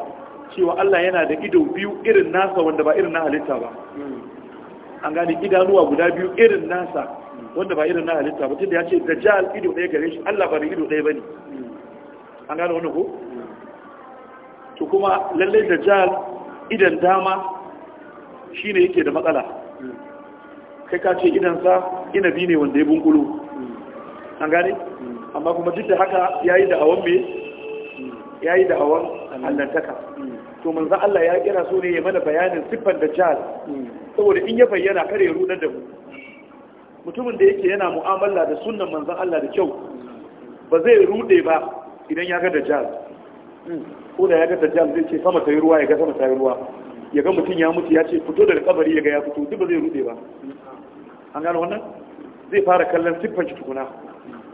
cewa Allah yana da ido biyu irin nasa wanda ba irin na halitta ba an gane idanuwa guda biyu irin nasa wanda ba irin na halitta ba tunda ya ce da jihar ido ɗaya gare shi Allah ba da ido ɗaya ba ne an gane wani ko? to kuma lallai da jihar idan dama Shi ne yake da matsala kai ka ce idansa inabi ne wanda ya bunkulu an gane amma kuma duk da haka ya yi da'awan me ya yi da'awan allantaka to manzo Allah ya kira so ne ya mana bayanin siffar da jahal saboda in ya bayyana kare ya rudar da mu mutumin da yake yana mu'amala da sunnan manzon Allah da kyau ba zai rude ba idan ya ga da jihar. ko da ya ga da jihar zai ce sama ta yi ruwa ya ga sama ta yi ruwa ya ga mutum ya mutu ya ce fito daga kabari ya ga ya fito duk ba zai rude ba an gano wannan zai fara kallon siffar shi tukuna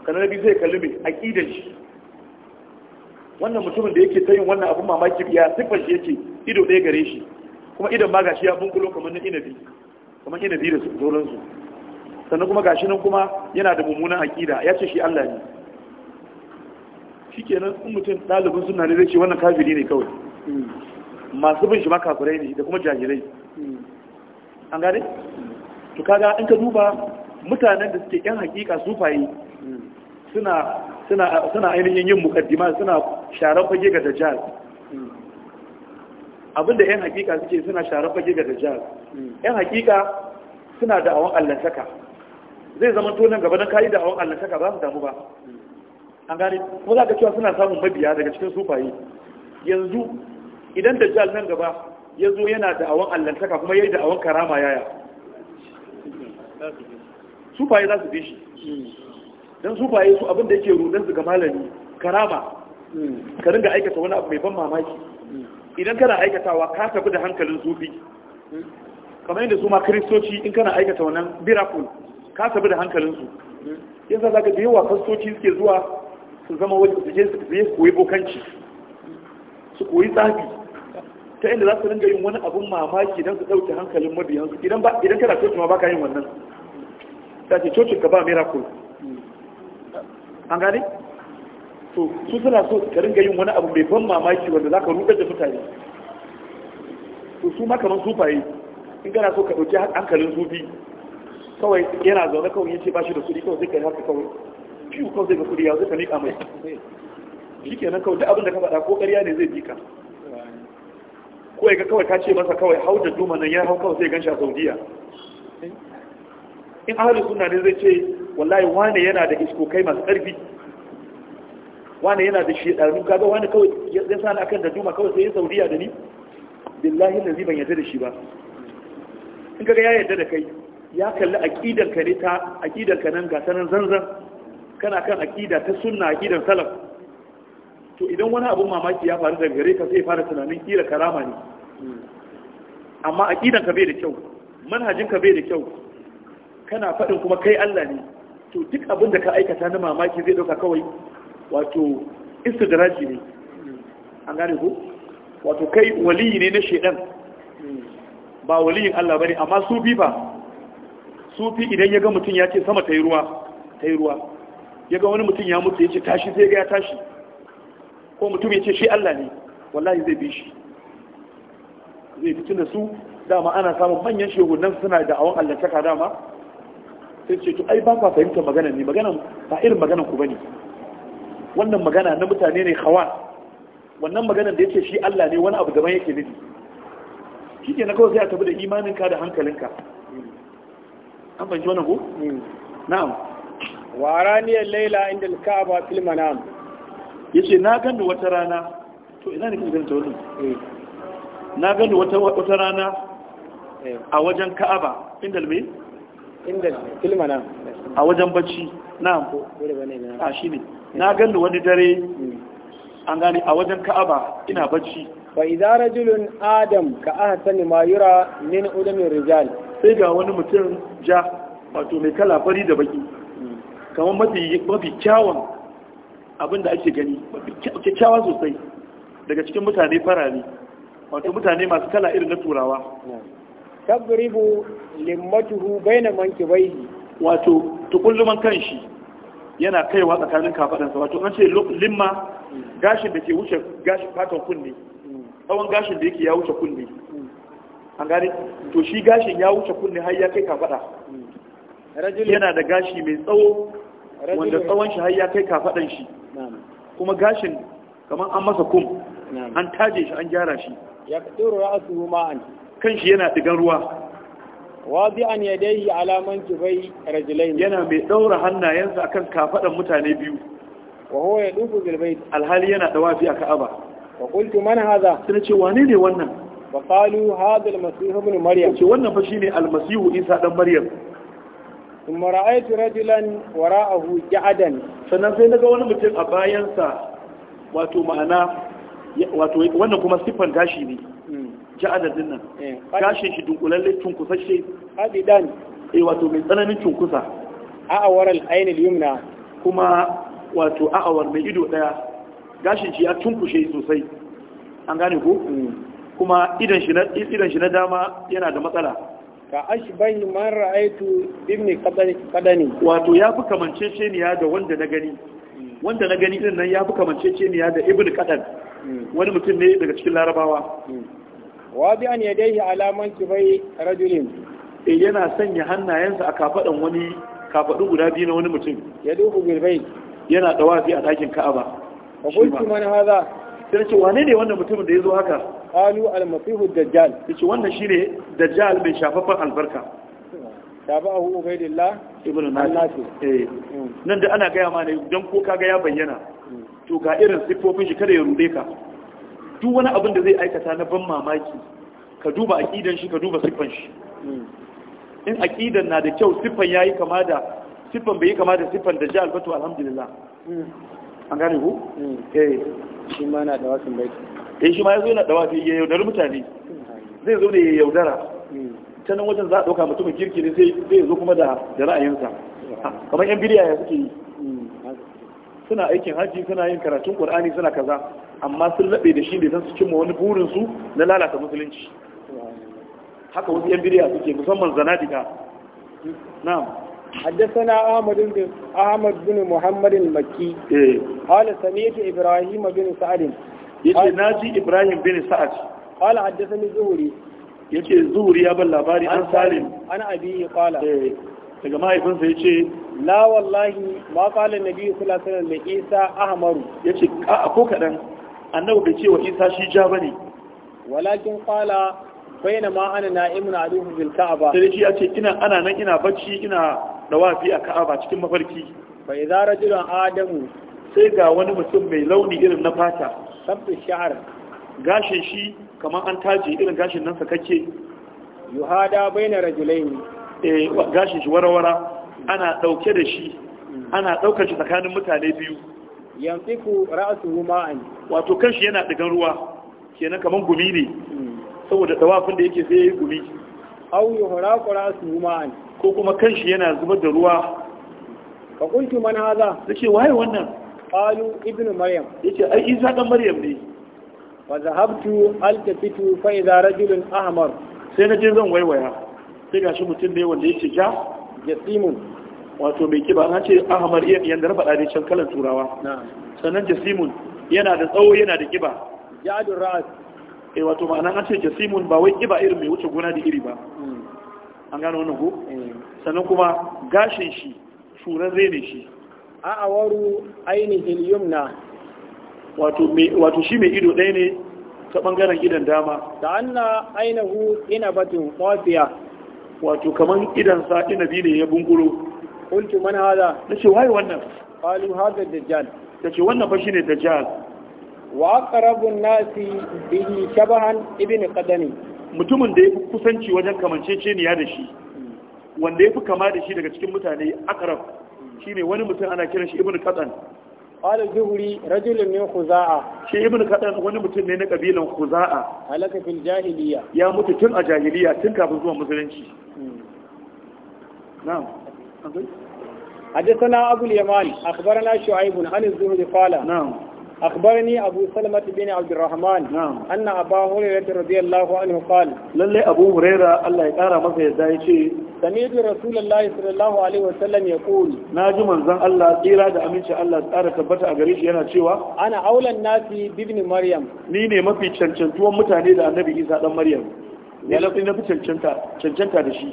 kana nabi zai kalli mai aqidan shi wannan mutumin da yake ta yin wannan abun mamaki ya siffar shi yake ido ɗaya gare shi kuma idan ma gashi ya bunkulo kamar na inabi kamar inabi da sauran su sannan kuma gashi nan kuma yana da mummunan aqida ya ce shi Allah ne shikenan in mutum ɗalibin suna ne zai ce wannan kafiri ne kawai masu bin shi ma ne da kuma jahilai an gane to kaga in ka duba mutanen da suke yan hakika sufaye suna ainihin yin mukaddima suna sharar fage ga dajjal abinda yan hakika suke suna sharar fage ga dajjal yan hakika suna da awon allantaka zai zama tonon gaba don kayi da awon allantaka ba su damu ba an gane kuma za ka cewa suna samun mabiya daga cikin sufaye yanzu idan da jal nan gaba ya zo yana da'awan allantaka kuma ya yi da'awan karama yaya sufaye za su bi shi don sufaye su abinda yake rudin su ga malami karama ka ringa aikata wani abu mai ban mamaki idan kana aikatawa ka tafi da hankalin sufi kamar yadda su ma kiristoci in kana aikata wannan miracle ka tafi da hankalinsu yin za ka da yawa kristoci suke zuwa su zama wajen su je su koyi bokanci su koyi tsafi ta inda za su ringa yin wani abun mamaki don su ɗauke hankalin mabiyansu idan ba idan kana coci ma baka yin wannan ta ce cocin ka ba miracle an gane to su suna so ka ringa yin wani abu mai ban mamaki wanda za ka rudar da mutane to su ma kamar sufaye in kana so ka ɗauki hankalin sufi kawai yana zaune kawai yace ba shi da kuɗi kawai zai kai haka kawai fiyu kawai zai ga kuɗi ya zai ka niƙa mai shi kenan kawai duk abin da ka faɗa ko ƙarya ne zai bi ka ko ya ga kawai ka ce masa kawai hau da duma nan ya hau kawai sai ganshi a saudiya in ahalin suna ne zai ce wallahi wane yana da iskokai masu ƙarfi wane yana da shedaru kaga wane kawai ya sani akan da duma kawai sai ya saudiya da ni billahi lazi ban yadda da shi ba in kaga ya yadda da kai ya kalli aqidan ka ne ta aqidan ka nan ga sanan zanzan kana kan aqida ta sunna aqidan salaf to idan wani abun mamaki ya faru da gare ka sai fara tunanin kila karama ne amma aqidan ka bai da kyau manhajin ka bai da kyau kana faɗin kuma kai Allah ne to duk abin da ka aikata na mamaki zai dauka kawai wato istidraji ne an gane ko wato kai waliyi ne na shedan ba waliyin Allah bane amma sufi ba sufi idan ya ga mutum ya ce sama ta yi ruwa tayi ruwa ya ga wani mutum ya mutu ya ce tashi sai ga ya tashi ko mutum ya ce shi Allah ne wallahi zai bi shi zai fi da su dama ana samun manyan shugunan suna da awon allantaka dama sai ce to ai ba ka fahimtar magana ne magana ba irin magana ku bane wannan magana na mutane ne hawa wannan maganar da yake shi Allah ne wani abu daban yake nufi shi ke na kawai sai a tafi da imaninka da hankalinka an ji wannan ko hmm. na'am wa raniyar laila inda al-ka'aba fil manam ya ce na gani wata rana to ina ne kusurta wannan eh. na gani wata rana eh. a wajen ka'aba inda alme? inda kilmana a wajen bacci na a ah, shi ne eh. na gani wani dare hmm. an gani a wajen ka'aba ina bacci fa idza rajulun adam ka ahsani ma yura min udamin rijal sai ga wani mutum ja wato mai kala fari da baki hmm. kamar mafi kyawun abin da ake gani kyakkyawa sosai daga cikin mutane ne. wato mutane masu kala irin na turawa tabribu limmatuhu baina mankibaihi wato tukulluman kanshi yana kaiwa tsakanin kafadansa wato an ce limma gashin da ke wuce gashin fatan kunne tsawon gashin da yake ya wuce kunne an gane to shi gashin ya wuce kunne har ya kai kafada yana da gashi mai tsawo wanda tsawon shi har ya kai kafadan shi kuma gashin kamar an masa kum an taje shi an gyara shi ya kaduru ra'suhu ma'an kan shi yana digan ruwa an yadayhi alaman kibai rajulain yana mai daura hannayensa akan kafadan mutane biyu wa huwa yadufu bil bayt alhali yana da wafi a ka'aba wa qultu man hadha sai ce wane ne wannan fa qalu hadha al-masih ibn maryam ce wannan fa shine al-masih isa dan maryam kuma ra'aitu rajulan wara'ahu ja'adan sannan sai naga wani mutum a bayansa wato ma'ana wato wannan kuma siffan gashi ne hmm. ja'adan din nan eh, gashin shi dunkulalle cunkusashe adidan eh wato mai tsananin cunkusa a al-ayn al-yumna kuma wato awar mai ido daya gashin shi ya cunkushe sosai an gane ko hmm. kuma idan shi na dama yana da matsala ka ashbahi man ra'aitu ibni qadani wato yafi kamanceceniya da wanda na gani wanda na gani irin nan yafi kamanceceniya da ibnu qadan hmm. wani mutum ne daga cikin larabawa hmm. wa bi an yadayhi alaman kibai rajulin E, yana sanya hannayensa a kafadan wani kafadu guda biyu na wani mutum ya duhu bilbai yana dawafi a dakin ka'aba Ka kuntu man hadha sai ce wane ne wannan mutumin da ya zo haka qalu al-masihu dajjal yace wannan shine dajjal mai shafaffen albarka tabahu ubaidillah ibnu nasir eh. hmm. nan da ana gaya ma ne dan ko kaga ya bayyana hmm. to ga irin siffofin shi kada ya rude ka duk wani abin da zai aikata na ban mamaki ka duba aqidan shi ka duba siffan shi hmm. in aqidan na da kyau siffan yayi kama da siffan bai kama da siffan dajjal ba to alhamdulillah an gane ku? Hmm. eh shi ma na da wasin baiti eh shi ma ya zo yana da wafi ya yaudari mutane zai zo da ya yaudara hmm. ta nan wajen za a ɗauka mutumin kirki ne zai zo kuma da ra'ayinsa kamar yan bidiya ya suke yi hmm, suna aikin hajji suna yin karatun qur'ani suna kaza amma sun laɓe da shi ne don su cimma wani burinsu na lalata musulunci haka wasu yan bidiya suke musamman zanadika na'am حدثنا أحمد بن أحمد بن محمد المكي قال سمعت إبراهيم بن سعد yace naji Ibrahim bin Sa'ad qala haddathani Zuhri yace Zuhri ya ban labari an Salim ana abi qala eh daga mahaifinsa ya ce. la wallahi ma qala nabi sallallahu alaihi wasallam li Isa ahmaru yace ko kadan annabi bai ce wa Isa shi ja bane walakin qala bainama ana na'imun aduhu bil ka'aba sai ce ina ana nan ina bacci ina dawafi a ka'aba cikin mafarki bai za jiran adamu sai ga wani mutum mai launi irin na fata sabbin sha'ar gashin shi kamar an taji irin gashin nan sakakke yuhada baina ne. eh gashin shi warawara ana dauke da shi ana daukar shi tsakanin mutane biyu yanfiku ra'suhu ma'an wato kanshi yana digan ruwa kenan kamar gumi ne hmm. saboda dawafin da yake sai yayi gumi au yuhara ra'suhu ma'an ko kuma kanshi yana zubar da ruwa ka kuntu man haza yace waye wannan qalu ibnu maryam yace ai isa dan maryam ne fa zahabtu altafitu fa idha rajulun ahmar sai na je zan waiwaya sai gashi mutum ne wanda yake ja jasimun wato mai kiba na ce ahmar iya yanda na ne can kalan turawa sannan jasimun yana da tsawo yana da kiba ja'adur ra'as eh wato ma'ana an ce jasimun ba wai kiba irin mai wuce gona da iri ba hmm. an gano wannan hu sannan kuma gashin shi shuran rene shi a awaru ainihin yumna wato shi mai ido ɗaya ne ta ɓangaren idan dama da an na ainihu ina batun mafiya wato kamar idansa inabi ne ya bunguro kultu mana hada na ce waye wannan kalu da dajjal ta ce wannan ne da dajjal wa aqrabun nasi bihi shabahan ibini ƙadani mutumin da ya fi kusanci wajen ya da shi wanda ya fi kama da shi daga cikin mutane akaram shi ne wani mutum ana kiran shi ibn katsan قال zuhuri rajulun ne huzaa. shi Ibn katsan wani mutum ne na kabilan huzaa? Halakafin fil jahiliya ya mutu tun a jahiliya tun kafin zuwa musulunci hmm. na'am حدثنا أبو اليمان أخبرنا شعيب عن الزهري قال نعم أخبرني أبو سلمة بن عبد الرحمن نعم أن أبا هريرة رضي الله عنه قال للي أبو هريرة الله يقارى مصر يدعي شيء سمعت رسول الله صلى الله عليه وسلم يقول ناجي من زن الله تيرا دا أمين شاء الله تارى تبتا أغريش ينا شيوا أنا أولى الناس بابن مريم نيني ما في چنچن توان متعني دا النبي إيسا دا مريم نيلقني نبي چنچنتا چنچنتا دا شي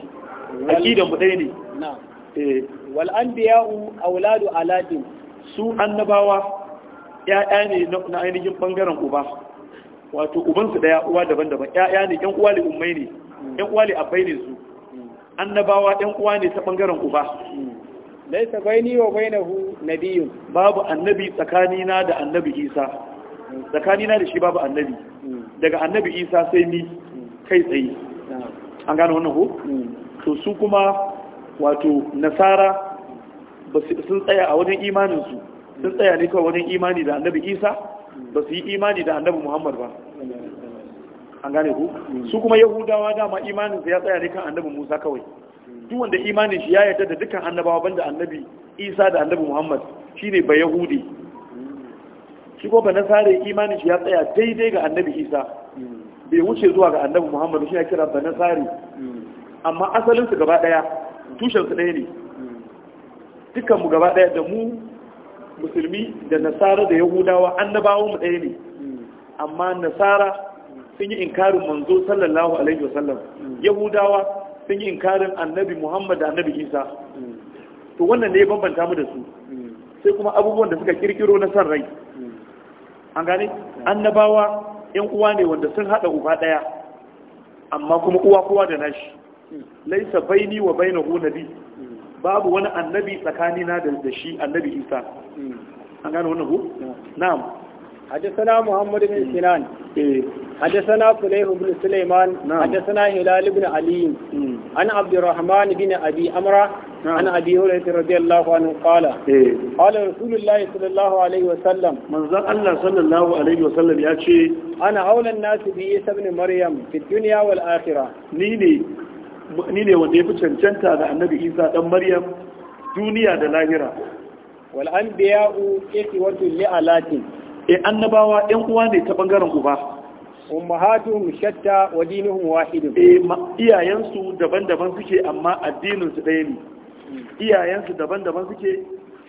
أكيدا مديني نعم والأنبياء أولاد ألادين su annabawa ƴaƴa ne na ainihin bangaren uba wato ubansu ɗaya uwa daban-daban ƴaƴa ne ƴan uwa umai ne ƴan uwa abai ne su annabawa ƴan uwa ne ta bangaren uba laisa ni wa hu nabiyun. babu annabi tsakanina da annabi Isa tsakanina da shi babu annabi daga annabi Isa sai ni kai tsaye an gano wannan hu? to su kuma wato nasara sun tsaya a wajen imaninsu sun tsaya ne kawai wajen imani da annabi isa ba su yi imani da annabi muhammad ba an gane ku su kuma yahudawa dama imanin su ya tsaya ne kan annabi musa kawai duk wanda imanin shi ya yarda da dukkan annabawa banda annabi isa da annabi muhammad shine ba yahudi shi ko ba nasare imanin shi ya tsaya daidai ga annabi isa bai wuce zuwa ga annabi muhammad shi ya kira ba nasare amma asalin su gaba daya tushen su ɗaya ne dukkan mu gaba daya da mu musulmi da nasara da yahudawa annabawan mu ɗaya ne amma nasara sun yi inkarin manzo sallallahu alaihi wasallam yahudawa sun yi inkarin annabi muhammad da annabi isa to wannan ne ya bambanta mu da su sai kuma abubuwan da suka kirkiro na san rai an gane annabawa yan uwa ne wanda sun haɗa uba daya. amma kuma uwa kowa da nashi laisa baini wa bainahu nabi babu wani annabi tsakani na da shi annabi isa an gano wani hu na'am hadisana muhammad bin sinan eh. hadisana sulayh ibn sulayman hadisana hilal ibn ali hmm. an abdurrahman bin abi amra an abi hurairah radiyallahu anhu qala eh. qala rasulullah sallallahu alaihi wa sallam manzon allah sallallahu alaihi wa sallam ya ce ana aulan nasi bi isa ibn maryam fi duniya wal akhirah ni ne ni ne wanda ya fi cancanta da annabi isa dan maryam duniya da lahira wal anbiya'u wato li alatin eh annabawa ɗan uwa ne ta bangaren uba ummahatuhum shatta wa dinuhum wahid eh iyayensu daban-daban suke amma addinin su ɗaya ne iyayensu daban-daban suke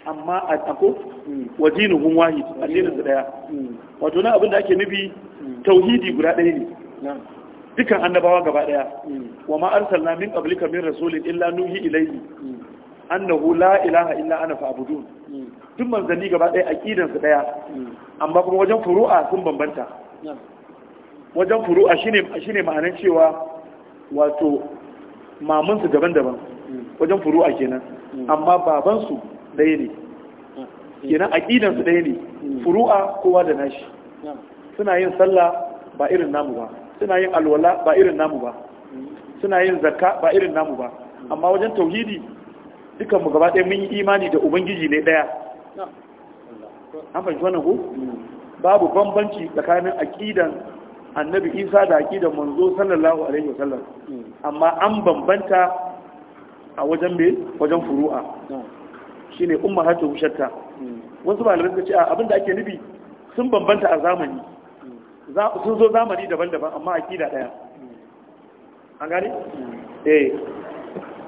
amma a tako hmm. wa dinuhum wahid addinin su ɗaya hmm. wato na abin da ake nufi hmm. tauhidi guda ɗaya ne dukan annabawa gaba daya hmm. wa ma arsalna min qablika min rasulin illa nuhi ilayhi hmm. annahu la ilaha illa ana fa'budun hmm. duk manzanni gaba daya aqidan su daya amma kuma wajen furu'a sun bambanta wajen furu'a shine shine ma'anar cewa wato mamun su daban-daban wajen furu'a kenan amma baban su daya ne kenan aqidan su daya ne furu'a kowa da nashi suna yin sallah ba irin namu ba suna yin alwala ba irin namu ba suna yin zakka ba irin namu ba amma wajen tauhidi dukan mu gaba ɗaya mun yi imani da ubangiji ne ɗaya an fahimci wannan ko babu bambanci tsakanin aqidan annabi isa da aqidan manzo sallallahu alaihi wasallam amma an bambanta a wajen me wajen furu'a shine ummatu shatta wasu malamai suka ce abinda ake nubi sun bambanta a zamani sun zo zamani daban-daban amma akida daya an gane eh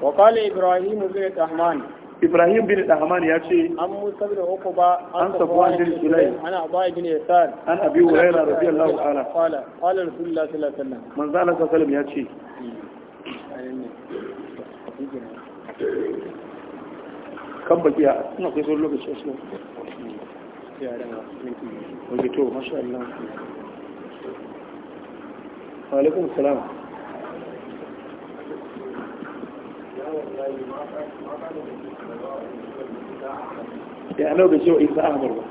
wa qala ibrahim bin ibrahim bin ya ce an musa bin uqba an safwan ana abai bin an abi hurairah radiyallahu ta'ala qala qala rasulullah sallallahu alaihi wasallam manzo ya ce kan baki a ina kai son lokaci a cikin ya da minti to Allah wa alaikum salam ya anau da cewa isa ahmar ba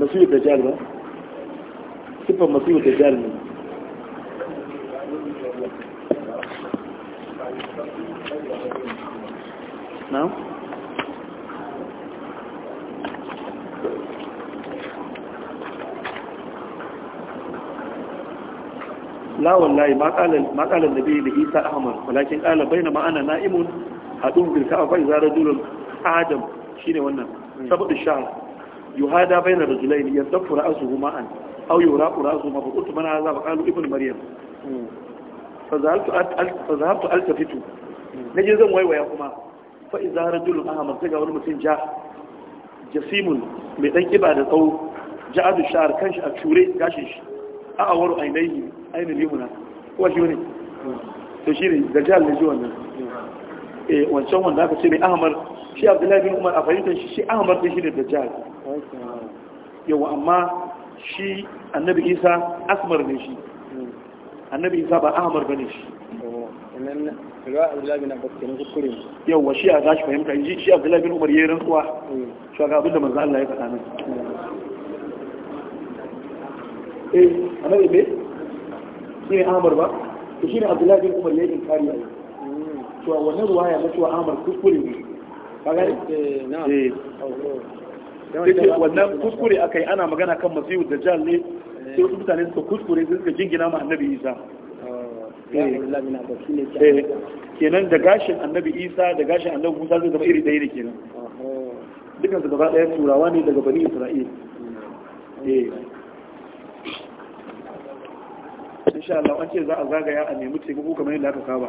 masu da jal ba siffar masu da jal ne na la wallahi ma qala ma qala annabi da Isa Ahmad walakin bai na ma'ana na'imun a hadun bil ka'fa idza rajulun adam shine wannan saboda shahr yuhada bayna rajulayn yasaffu ra'suhuma an aw ra'ura ra'suhuma fa qultu man hadha ba qalu ibn maryam fa zahaltu fa zahaltu altafitu naje zan waiwaya kuma fa idza rajulun ahmad ga wani mutum ja jasimun mai dan kiba da tsawo ja'adu shahr kanshi a cure gashin shi a awaru ainihi ainihin yumna kuwa shi ne to shi ne da jihar da ji wannan eh wancan wanda aka ce mai ahmar shi abdullahi bin umar a fahimtar shi shi ahmar da shi ne da jihar yawa amma shi annabi isa asmar ne shi annabi isa ba ahmar ba ne shi yawa shi a gashi fahimta shi abdullahi bin umar ya yi rantsuwa shi ga abin da manzo Allah ya faɗa nan eh annabi me shi ne Ahmad ba to shi ne Abdullahi bin Umar yayin inkari ai to a wannan ruwaya na cewa Ahmad kuskure ne kaga eh na'am eh. wannan kuskure akai ana magana kan Masihu Dajjal ne eh. sai wasu mutane suka kuskure sai suka jingina ma Annabi Isa oh, eh. kenan da gashin annabi isa da gashin annabi musa zai zama iri ɗaya ne kenan dukansu gaba ɗaya turawa ne daga bani isra'il hmm. insha Allah an ce za a zagaya a nemi taimako kamar yadda aka saba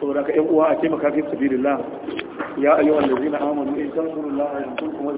saboda ka yan uwa a taimaka fi sabilillah ya ayyuhal ladzina amanu in tansurullaha yansurkum wa